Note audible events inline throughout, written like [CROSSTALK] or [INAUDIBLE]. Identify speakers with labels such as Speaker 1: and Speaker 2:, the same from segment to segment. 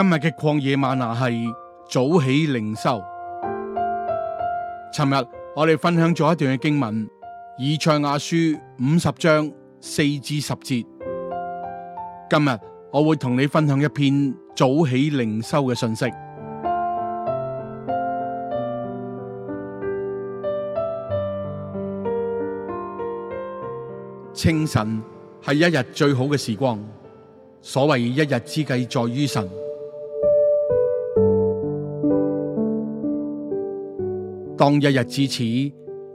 Speaker 1: 今日嘅曠野嗎哪係早起靈修。尋日我哋分享咗一段嘅經文，以賽亞書五十章四至十節。今日我會同你分享一篇早起靈修嘅信息。清晨係一日最好嘅時光，所謂一日之計在於晨。當一日至此，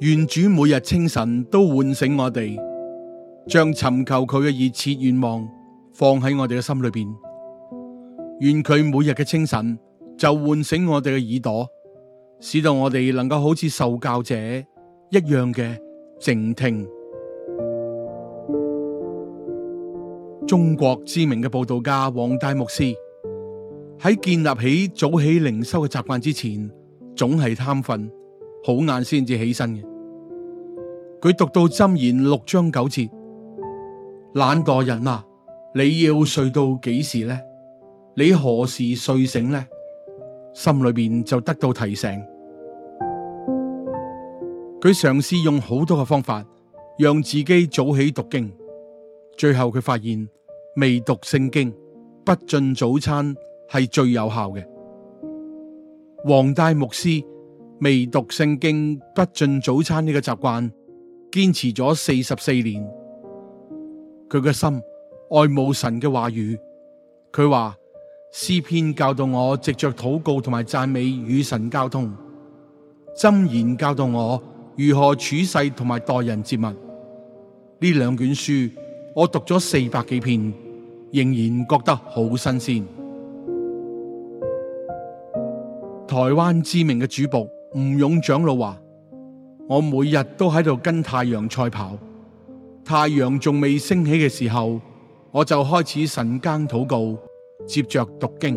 Speaker 1: 願主每日清晨都喚醒我哋，將尋求佢嘅熱切願望放喺我哋嘅心裏邊。願佢每日嘅清晨就喚醒我哋嘅耳朵，使到我哋能夠好似受教者一樣嘅靜聽。中國知名嘅報道家王大牧師喺建立起早起靈修嘅習慣之前，總係貪瞓，好晏先至起身嘅。佢讀到《箴言》六章九節，「懶惰人啊，你要睡到幾時呢？你何時睡醒呢？」心裏面就得到提醒。佢嘗試用好多嘅方法，讓自己早起讀經，最後佢發現未讀聖經，不進早餐係最有效嘅。黃大牧師。未讀聖經，不進早餐呢個習慣，堅持咗四十四年。佢嘅心愛慕神嘅話語，佢話，詩篇教導我藉着禱告同埋讚美與神交通，箴言教導我如何處世同埋待人接物。呢兩卷書我讀咗四百幾篇，仍然覺得好新鮮。台灣知名嘅主播，吳勇長老話：我每日都喺度跟太陽賽跑，太陽仲未升起嘅時候，我就開始晨更禱告，接着讀經。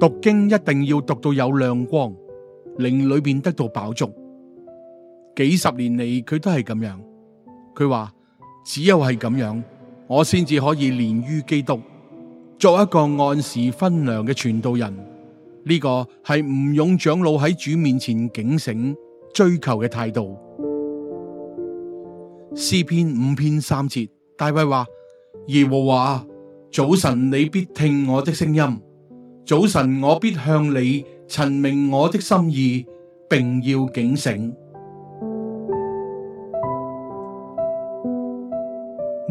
Speaker 1: 讀經一定要讀到有亮光，令裏面得到飽足。幾十年嚟，佢都係咁樣。佢話：只有係咁樣，我先至可以連於基督，做一個按時分糧嘅傳道人。呢個係吳勇長老喺主面前警醒追求嘅態度。詩篇五篇三節，大衛話：耶和華啊，早晨你必聽我的聲音，早晨我必向你陳明我的心意，並要警醒。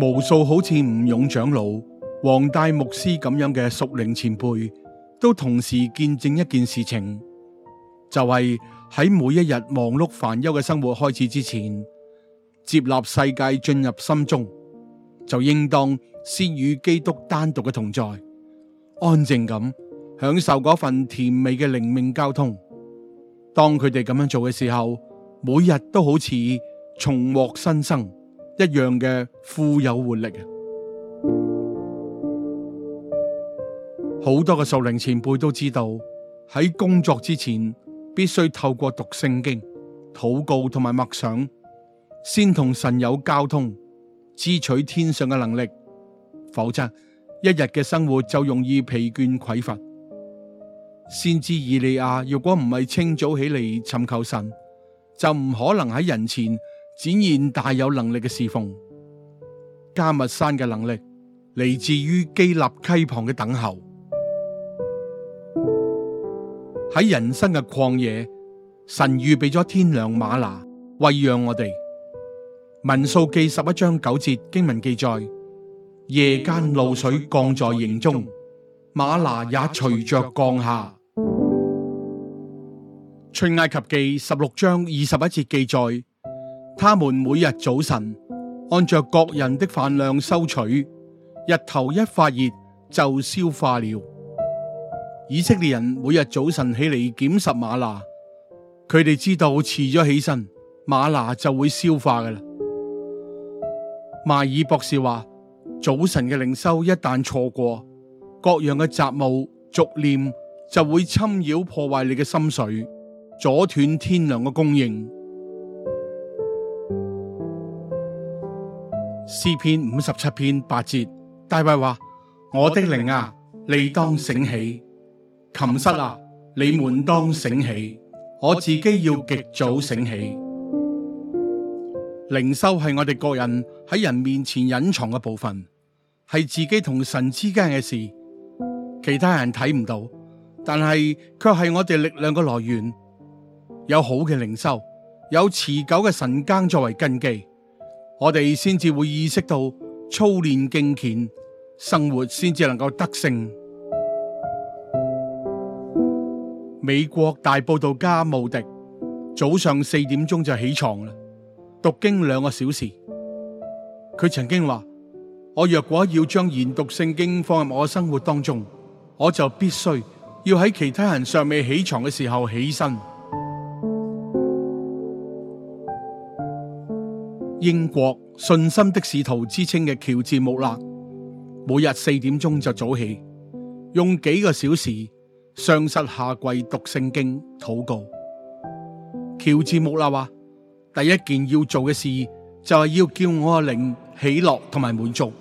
Speaker 1: 無數好似吳勇長老、黃大牧師咁樣嘅屬靈前輩。都同時見證一件事情，就係喺每一日忙碌煩憂嘅生活開始之前，接納世界進入心中，就應當先與基督單獨嘅同在，安靜咁享受嗰份甜美嘅靈命交通。當佢哋咁樣做嘅時候，每日都好似重獲新生一樣嘅富有活力。好多嘅屬靈前輩都知道，喺工作之前必須透過讀聖經、禱告同埋默想，先同神有交通，支取天上嘅能力，否則一日嘅生活就容易疲倦匱乏。先知以利亞如果唔係清早起嚟尋求神，就唔可能喺人前展現大有能力嘅侍奉。迦密山嘅能力嚟自於基立溪旁嘅等候。喺人生嘅曠野，神預備咗天糧馬拿餵養我哋。民數記十一章九節經文記載：夜間露水降在營中，馬拿也隨着降下。出埃及記十六章二十一節記載：他們每日早晨按着各人的飯量收取，日頭一發熱就消化了。以色列人每日早晨起嚟撿拾嗎哪，佢哋知道遲咗起身，嗎哪就會消化㗎喇。邁爾博士話：早晨嘅靈修一旦錯過，各樣嘅雜務俗念就會侵擾破壞你嘅心水，阻斷天糧嘅供應。詩篇五十七篇八節，大衛話：我的靈啊，你當醒起。琴瑟啊！你們當醒起，我自己要極早醒起。 [NOISE] 靈修係我哋個人喺人面前隱藏嘅部分，係自己同神之間嘅事，其他人睇唔到，但係卻係我哋力量嘅來源。有好嘅靈修，有持久嘅神耕作為根基，我哋先至會意識到操練敬虔，生活先至能夠得勝。美國大佈道家穆迪早上四點鐘就起床啦，讀經兩個小時。佢曾經話：「我若果要將研讀聖經放入我生活當中，我就必須要喺其他人尚未起床嘅時候起身。」 [MUSIC] 英國信心的使徒之稱嘅喬治穆勒，每日四點鐘就早起，用幾個小時上失下跪讀聖經禱告。喬治慕勒話：第一件要做嘅事就係、是、要叫我嘅靈喜樂同埋滿足，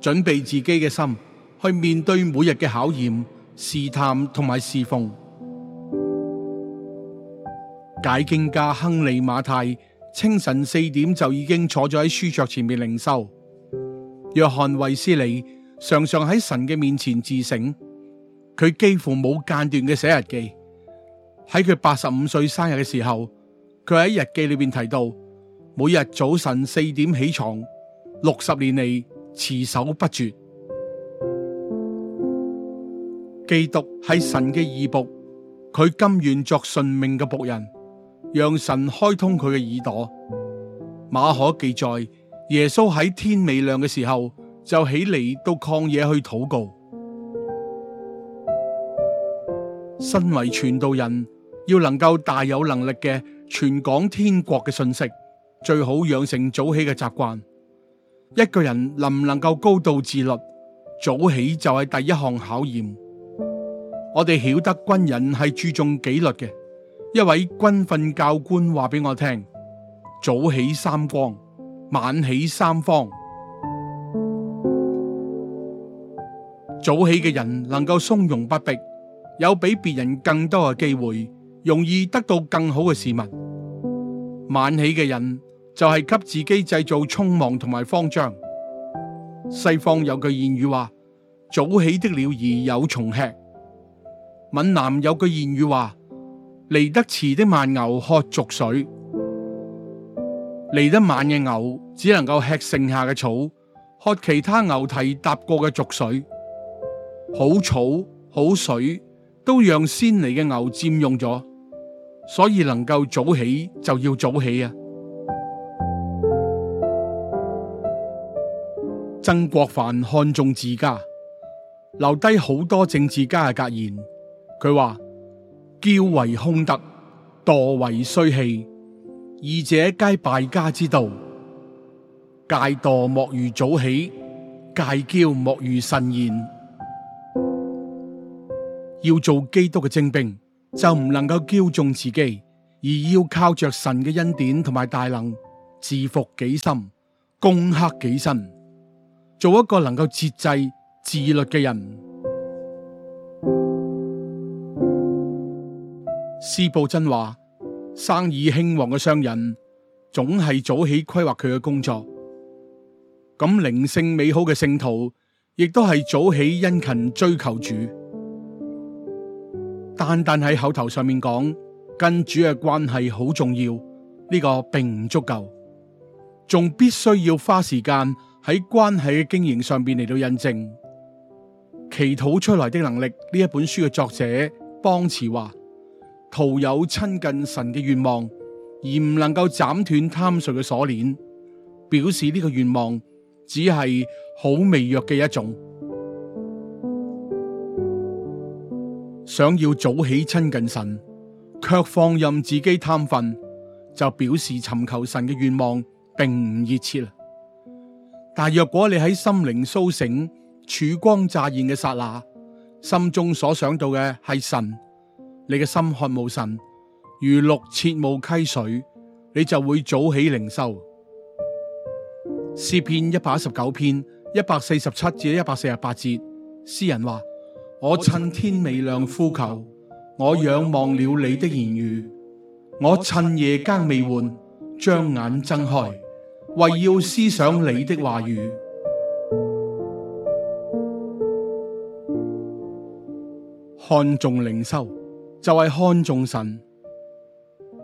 Speaker 1: 準備自己嘅心去面對每日嘅考驗、試探同埋侍奉。解經家亨利馬太清晨四點就已經坐咗喺書桌前面靈修。約翰衛斯理常常喺神嘅面前自省。佢幾乎冇間斷嘅寫日記。喺佢八十五歲生日嘅時候，佢喺日記裏邊提到，每日早晨四點起床，六十年嚟持守不絕。基督係神嘅義僕，佢甘願作順命嘅僕人，讓神開通佢嘅耳朵。馬可記載，耶穌喺天未亮嘅時候就起嚟到曠野去禱告。身為傳道人，要能夠大有能力嘅傳講天國嘅信息，最好養成早起嘅習慣。一個人能唔能夠高度自律，早起就係第一項考驗。我哋曉得軍人係注重紀律嘅，一位軍訓教官話俾我聽：「早起三光，晚起三方。早起嘅人能夠從容不迫。」有比別人更多嘅機會，容易得到更好嘅事物。晚起嘅人就係、是、給自己製造匆忙同埋慌張。西方有句諺語話：早起的鳥兒有蟲吃。閩南有句諺語話：嚟得遲的慢牛喝濁水，嚟得晚嘅牛只能夠吃剩下嘅草，喝其他牛蹄踏過嘅濁水。好草好水。都讓先嚟嘅牛佔用咗，所以能夠早起就要早起啊！曾國藩看重自家，留低好多政治家嘅格言，佢話：驕為凶德，惰為衰氣，二者皆敗家之道。戒惰莫如早起，戒驕莫如慎言。要做基督嘅精兵，就唔能夠驕縱自己，而要靠着神嘅恩典同埋大能，自服己心，攻克己身，做一個能夠節制、自律嘅人。司 [MUSIC] 布真話，生意興旺嘅商人總係早起規劃佢嘅工作，咁靈性美好嘅聖徒亦都係早起殷勤追求主。單單喺口頭上面講跟主嘅關係好重要，呢個並唔足夠，仲必須要花時間喺關係嘅經營上邊嚟到印證。祈禱出來的能力呢一本書嘅作者邦茨話：徒有親近神嘅願望，而唔能夠斬斷貪睡嘅鎖鏈，表示呢個願望只係好微弱嘅一種。想要早起親近神，卻放任自己貪瞓，就表示尋求神嘅願望並唔熱切啦。但若果你喺心靈蘇醒、曙光乍現嘅剎那，心中所想到嘅係神，你嘅心渴慕神，如鹿切慕溪水，你就會早起靈修。詩篇一百一十九篇一百四十七至一百四十八節，詩人話。我趁天未亮呼求，我仰望了你的言語。我趁夜更未換，將眼睜開，為要思想你的話語。 [MUSIC] 看重靈修就係、是、看重神，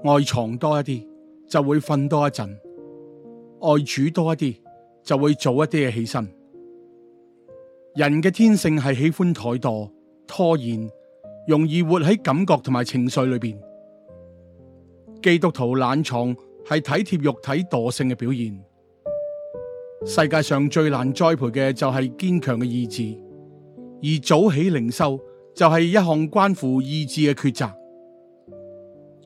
Speaker 1: 愛床多一啲就會瞓多一陣，愛主多一啲就會早一啲起身。人嘅天性係喜歡怠惰、拖延，容易活喺感覺同埋情緒裏邊。基督徒懶床係體貼肉體惰性嘅表現。世界上最難栽培嘅就係堅強嘅意志，而早起靈修就係一項關乎意志嘅抉擇。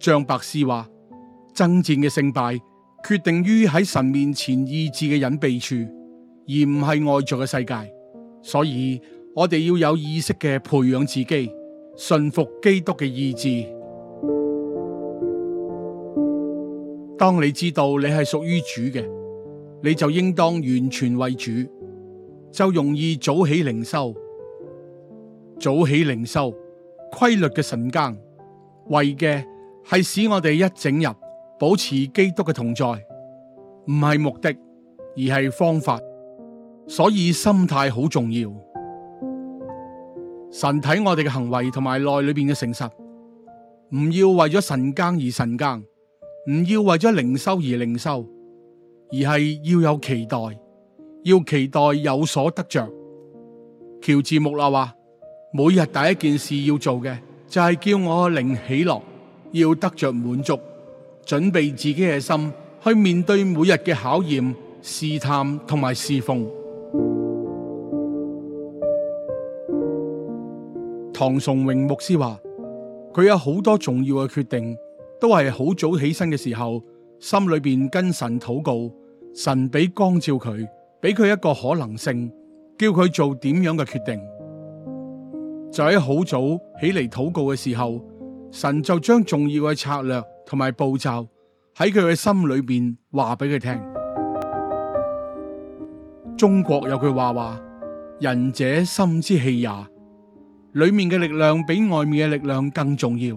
Speaker 1: 張伯斯話：「征戰嘅勝敗決定於喺神面前意志嘅隱秘處，而唔係外在嘅世界。」所以我哋要有意識嘅培養自己，順服基督嘅意志。當你知道你係屬於主嘅，你就應當完全為主，就容易早起靈修。早起靈修，規律嘅晨間，為嘅係使我哋一整日保持基督嘅同在，唔係目的，而係方法。所以心態好重要。神睇我哋嘅行為同埋內裏邊嘅誠實，唔要為咗晨更而晨更，唔要為咗靈修而靈修，而係要有期待，要期待有所得着。喬治穆拉話：，每日第一件事要做嘅就係、是、叫我靈喜樂，要得着滿足，準備自己嘅心去面對每日嘅考驗、試探同埋侍奉。唐崇榮牧師話：，佢有好多重要嘅決定，都係好早起身嘅時候，心裏邊跟神禱告，神俾光照佢，俾佢一個可能性，叫佢做點樣嘅決定，就喺好早起嚟禱告嘅時候，神就將重要嘅策略同埋步驟喺佢嘅心裏邊話俾佢聽。中國有句話話：，人者心之氣也。裏面嘅力量比外面嘅力量更重要。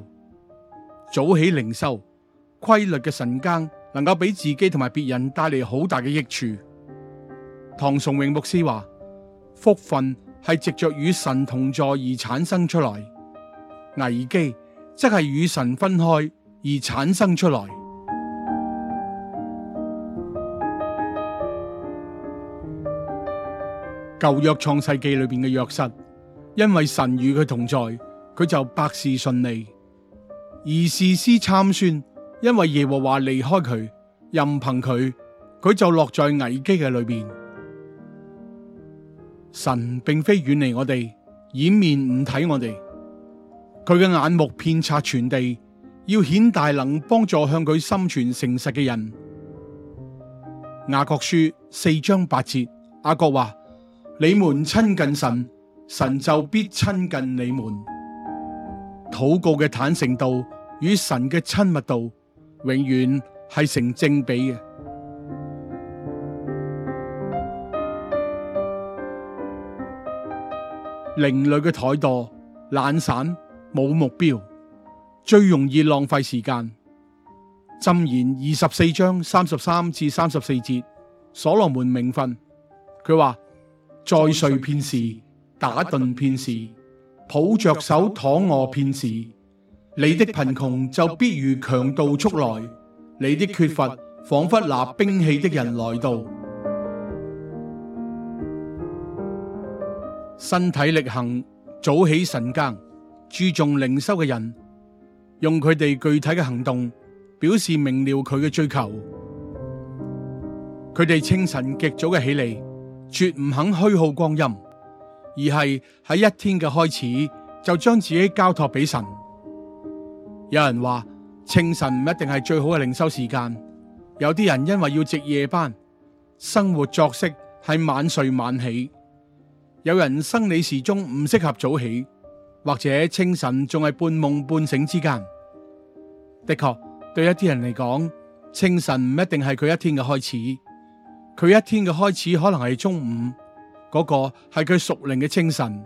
Speaker 1: 早起靈修，規律嘅神耕，能夠俾自己同埋別人帶嚟好大嘅益處。唐崇榮牧師話：福分係藉着與神同在而產生出來，危機則係與神分開而產生出來。舊約創世紀裏邊嘅約瑟。因為神與佢同在，佢就百事順利；而士師參孫，因為耶和華離開佢，任憑佢，佢就落在危機嘅裏邊。神並非遠離我哋，掩面唔睇我哋，佢嘅眼目遍察全地，要顯大能幫助向佢心存誠實嘅人。雅各書四章八節，雅各話：你們親近神。神就必親近你們，禱告嘅坦誠度與神嘅親密度，永遠係成正比嘅。零 [MUSIC] 累嘅態度懶散冇目標，最容易浪費時間。箴言二十四章三十三至三十四節，所羅門明訓，佢話再睡片時。打盹片時，抱着手躺臥片時，你的貧窮就必如強盜速來；你的缺乏仿佛拿兵器的人來到。 [MUSIC] 身體力行、早起晨更、注重靈修嘅人，用佢哋具體嘅行動表示明了佢嘅追求。佢哋清晨極早嘅起嚟，絕唔肯虛耗光陰。而係喺一天嘅開始，就將自己交託俾神。有人話，清晨唔一定係最好嘅靈修時間，有啲人因為要值夜班，生活作息係晚睡晚起；有人生理時鐘唔適合早起，或者清晨仲係半夢半醒之間。的確，對一啲人嚟講，清晨唔一定係佢一天嘅開始，佢一天嘅開始可能係中午。嗰個係佢屬靈嘅清晨，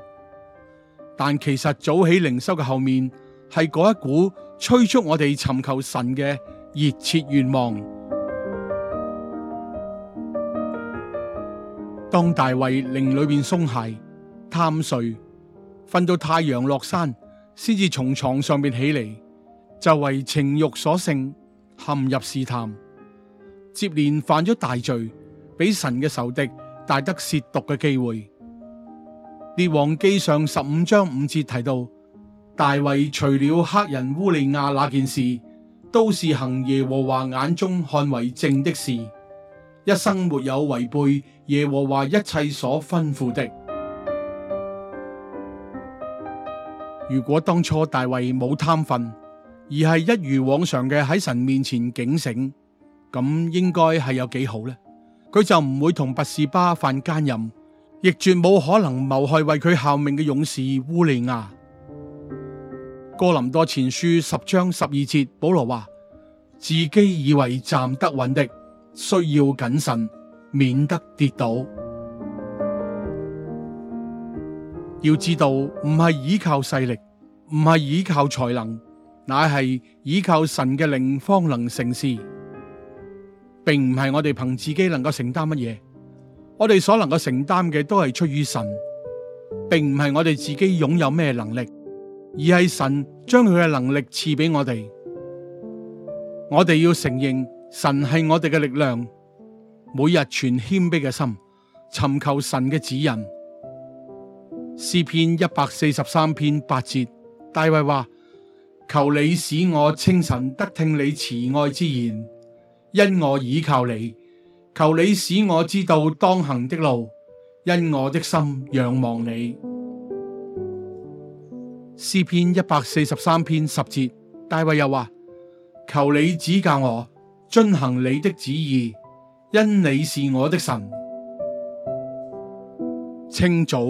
Speaker 1: 但其實早起靈修嘅後面係嗰一股催促我哋尋求神嘅熱切願望。當大衛靈裏面鬆懈、貪睡、瞓到太陽落山，先至從床上邊起嚟，就為情欲所勝，陷入試探，接連犯咗大罪，俾神嘅仇敵，大得涉毒嘅機會，《列王記》上十五章五節提到，大衛除了赫人烏利亞那件事，都是行耶和華眼中看為正的事，一生沒有違背耶和華一切所吩咐的。如果當初大衛冇貪瞓，而係一如往常嘅喺神面前警醒，咁應該係有幾好呢？佢就唔會同拔士巴犯奸淫，亦絕冇可能謀害為佢效命嘅勇士烏利亞。哥林多前書十章十二節，保羅話：自己以為站得穩的，需要謹慎，免得跌倒。要知道，唔係依靠勢力，唔係依靠才能，乃係依靠神嘅靈，方能成事。並唔係我哋憑自己能夠承擔乜嘢，我哋所能夠承擔嘅都係出於神，並唔係我哋自己擁有咩能力，而係神將佢嘅能力賜俾我哋。我哋要承認神係我哋嘅力量，每日存謙卑嘅心，尋求神嘅指引。詩篇一百四十三篇八節，大衛話：求你使我清晨得聽你慈愛之言。因我倚靠你，求你使我知道當行的路。因我的心仰望你。詩篇一百四十三篇十節，大衛又話：求你指教我遵行你的旨意，因你是我的神。清早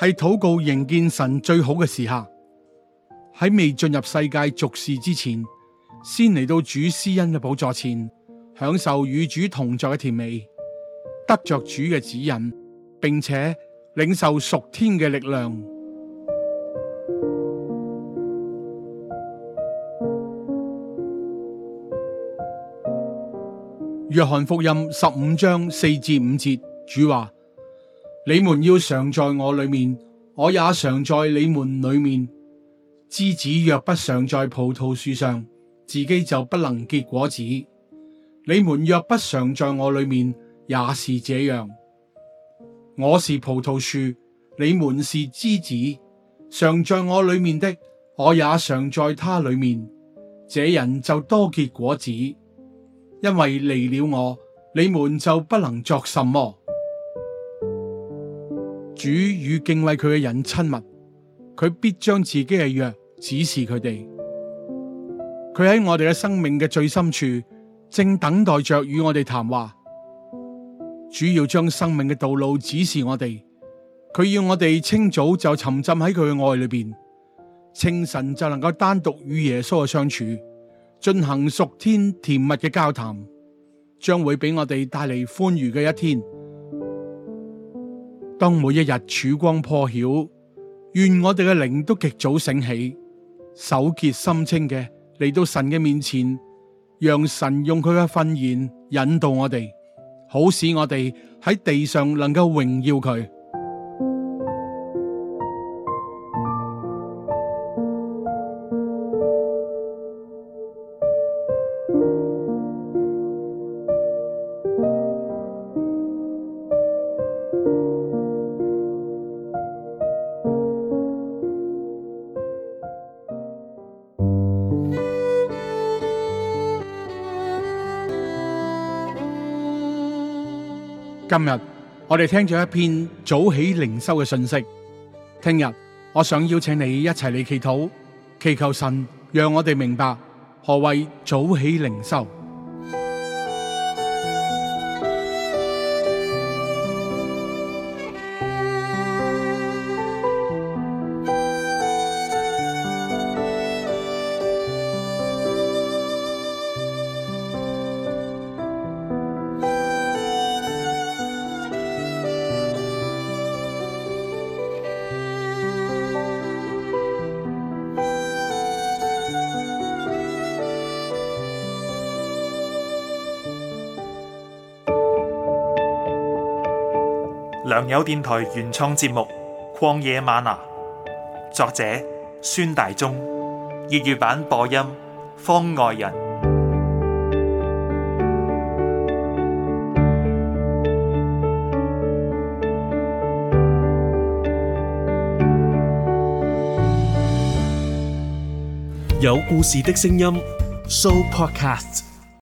Speaker 1: 係禱告迎見神最好嘅時刻。喺未進入世界俗事之前，先嚟到主施恩嘅寶座前。享受與主同在嘅甜美，得着主嘅指引，並且領受屬天嘅力量。約翰福音十五章四至五節，主話：你們要常在我裏面，我也常在你們裏面。枝子若不常在葡萄樹上，自己就不能結果子。你們若不常在我裏面，也是這樣。我是葡萄樹，你們是枝子。常在我裏面的，我也常在他裏面。這人就多結果子。因為離了我，你們就不能作什麼。主與敬畏佢嘅人親密，佢必將自己嘅約指示佢哋。佢喺我哋嘅生命嘅最深處。正等待着與我哋談話，主要將生命嘅道路指示我哋。佢要我哋清早就沉浸喺佢嘅愛裏面，清晨就能夠單獨與耶穌嘅相處，進行屬天甜蜜嘅交談，將會俾我哋帶嚟歡愉嘅一天。當每一日曙光破曉，願我哋嘅靈都極早醒起，手潔心清嘅嚟到神嘅面前。讓神用佢嘅訓言引導我哋，好使我哋喺地上能夠榮耀佢。今日我哋聽咗一篇早起靈修嘅信息，聽日我想邀請你一齊嚟祈禱，祈求神讓我哋明白何謂早起靈修。良友電台原創節目《曠野嗎哪》，作者孫大中，粵語版播音方外人，有故事的聲音 show podcast。